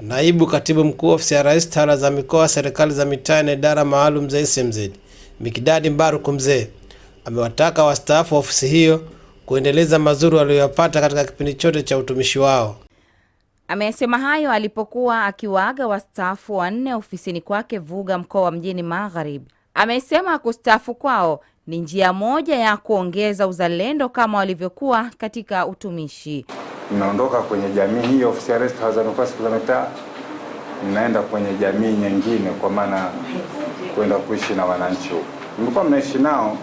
Naibu Katibu Mkuu Ofisi ya Rais Tawala za Mikoa, Serikali za Mitaa na Idara Maalum za SMZ Mikidadi Mbaruku Mzee amewataka wastaafu wa ofisi hiyo kuendeleza mazuri waliyoyapata katika kipindi chote cha utumishi wao. Amesema hayo alipokuwa akiwaaga wastaafu wanne ofisini kwake Vuga, mkoa mjini Magharibi. Amesema kustaafu kwao ni njia moja ya kuongeza uzalendo kama walivyokuwa katika utumishi naondoka kwenye jamii hii ofisi ya RESTAURANT Hazardous Plastics za mitaa, naenda kwenye jamii nyingine, kwa maana kwenda kuishi na wananchi huko mlikuwa mnaishi nao,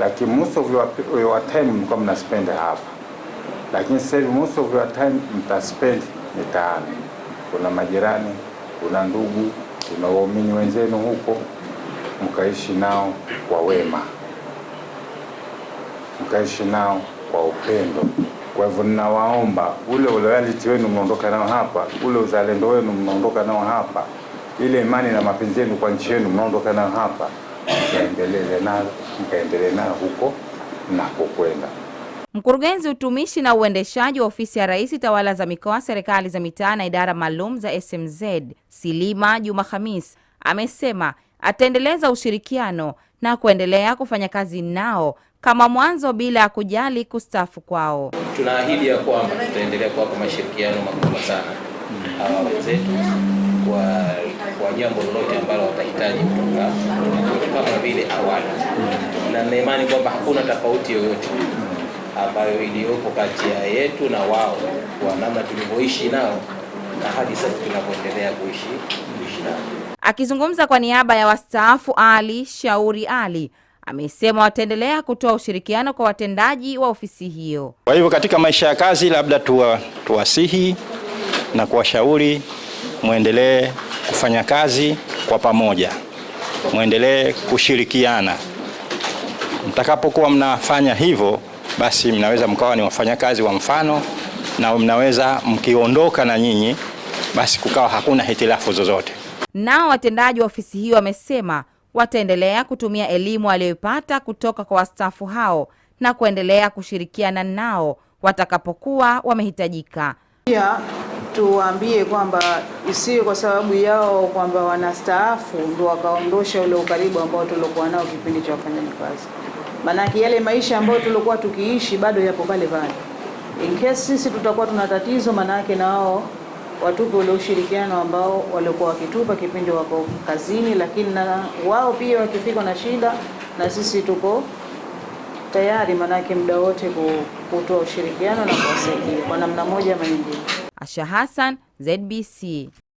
lakini most of your time mlikuwa mna spend hapa, lakini sasa hivi most of your time mta spend mitaani. Kuna majirani, kuna ndugu, kuna waumini wenzenu huko, mkaishi nao kwa wema, mkaishi nao kwa upendo. Kwa hivyo ninawaomba ule uloyaliti wenu mnaondoka nao hapa, ule uzalendo wenu mnaondoka nao hapa, ile imani na mapenzi yenu kwa nchi yenu mnaondoka nayo hapa, mkaendelee nayo mkaendelee nayo huko mnakokwenda. Mkurugenzi utumishi na uendeshaji wa ofisi ya Rais tawala za mikoa serikali za mitaa na idara maalum za SMZ Silima Juma Khamis amesema ataendeleza ushirikiano na kuendelea kufanya kazi nao kama mwanzo bila ya kujali kustaafu kwao. Tunaahidi ya kwamba tutaendelea kuwapa mashirikiano makubwa sana mm. hawa wenzetu kwa, kwa jambo lolote ambalo watahitaji kutoka kama vile awali, mm. na naimani kwamba hakuna tofauti yoyote mm. ambayo iliyopo kati ya yetu na wao kwa namna tulivyoishi nao na hadi sasa tunavyoendelea kuishi kuishi nao. Akizungumza kwa niaba ya wastaafu Ali Shauri Ali amesema wataendelea kutoa ushirikiano kwa watendaji wa ofisi hiyo. Kwa hivyo katika maisha ya kazi, labda tuwa, tuwasihi na kuwashauri mwendelee kufanya kazi kwa pamoja, mwendelee kushirikiana. Mtakapokuwa mnafanya hivyo, basi mnaweza mkawa ni wafanyakazi wa mfano, na mnaweza mkiondoka na nyinyi, basi kukawa hakuna hitilafu zozote. Nao watendaji wa ofisi hiyo wamesema wataendelea kutumia elimu aliyoipata kutoka kwa wastaafu hao na kuendelea kushirikiana nao watakapokuwa wamehitajika. Pia tuwaambie kwamba isiwe kwa sababu yao kwamba wanastaafu ndo wakaondosha ule ukaribu ambao tuliokuwa nao kipindi cha wafanyaji kazi, maanake yale maisha ambayo tuliokuwa tukiishi bado yapo pale pale. In case sisi tutakuwa tuna tatizo, maanake na wao watupe ule ushirikiano ambao walikuwa wakitupa kipindi wako kazini, lakini na wao pia wakifikwa na shida, na sisi tuko tayari maanake muda wote kutoa ushirikiano na kuwasaidia kwa namna moja ama nyingine. Asha Hassan, ZBC.